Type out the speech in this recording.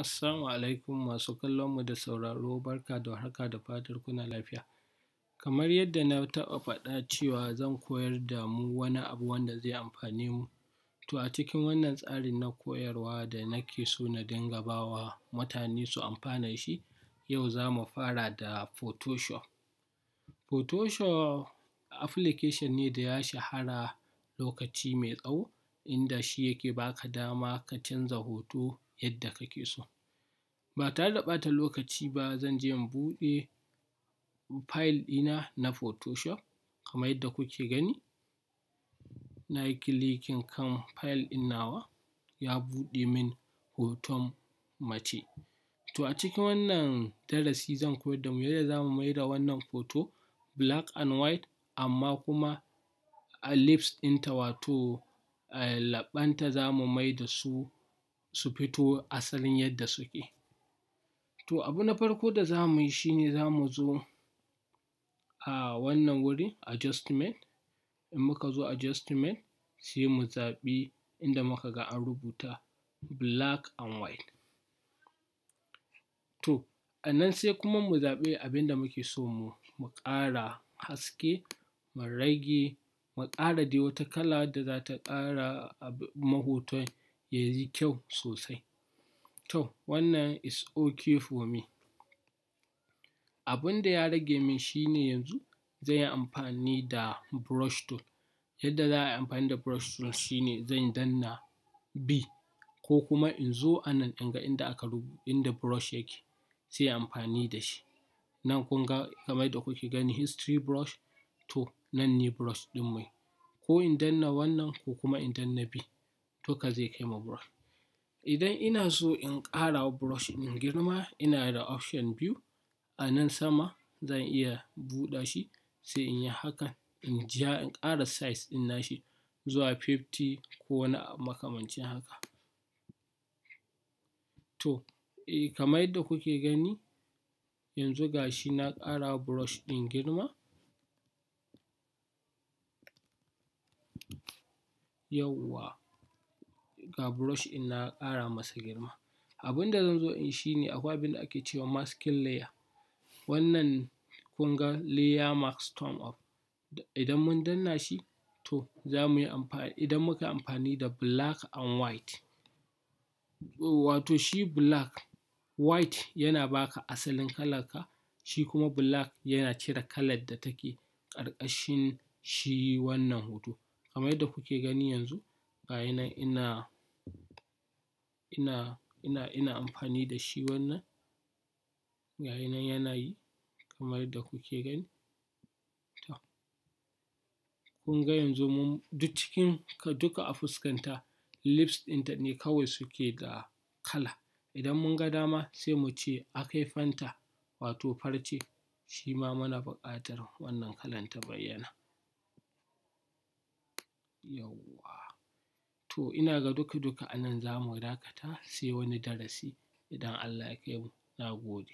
Assalamu alaikum masu kallon mu da sauraro barka da warhaka da fatar kuna lafiya. Kamar yadda na taɓa faɗa cewa zan koyar da mu wani abu wanda zai amfane mu, to a cikin wannan tsarin na koyarwa da nake so na dinga ba wa mutane su amfana shi, yau za mu fara da photoshop. Photoshop application ne da ya shahara lokaci mai tsawo, inda shi yake baka dama ka canza hoto yadda kake so. Ba tare da ɓata lokaci ba zan je in buɗe file ɗina na Photoshop kamar yadda kuke gani. Na yi kilikin kan file ɗin nawa ya buɗe min hoton mace. To a cikin wannan darasi zan koyar da mu yadda za mu maida wannan hoto black and white amma kuma a lips ɗinta wato a eh, laɓɓanta za mu maida su su fito asalin yadda suke to abu na farko da za mu yi shi ne za mu zo a wannan wuri adjustment in muka zo adjustment sai mu zaɓi inda muka ga an rubuta black and white to a nan sai kuma mu zaɓi abin da muke so mu mu ƙara haske mu rage mu ƙara dai wata kala da za ta ƙara mahoton ya yi kyau sosai. To wannan is okay for me. Abin da ya rage min shi ne yanzu zan yi amfani da brush tool. Yadda za a yi amfani da brush tool shi ne zan danna B ko kuma in zo a nan in ga inda aka rubu inda brush yake sai yi amfani da shi. Nan kun ga kamar yadda kuke gani history brush to nan ne brush ɗin mai. Ko in danna wannan ko kuma in danna B. ka zai kai ma brush. Idan ina so in ƙara wa brush ɗin girma ina da option biyu a nan sama zan iya buɗa shi sai in yi haka in ja in ƙara size ɗin nashi zuwa 50 ko wani makamancin haka. To e, kamar yadda kuke gani yanzu ga shi na ƙara wa brush ɗin girma. Yawwa ga brush in na ƙara masa girma abinda zan zo in shi ne akwai abinda da ake cewa masking layer wannan kunga ga layer mask storm up idan mun danna shi to za mu yi amfani idan muka yi amfani da black and white wato shi black white yana baka asalin kalar ka shi kuma black yana cire kalar da take ƙarƙashin shi wannan hoto kamar yadda kuke gani yanzu gayi nan ina ina ina ina amfani da shi wannan gayi yi nan yana yi kamar yadda kuke gani to kun ga yanzu mun duk cikin duka a fuskanta lips ɗinta ne kawai suke da kala idan mun ga dama sai mu ce akai fanta wato farce shi ma muna buƙatar wannan kalan ta bayyana yawwa To ina ga duka duka a nan za mu dakata sai wani darasi idan Allah ya kai mu. Na gode.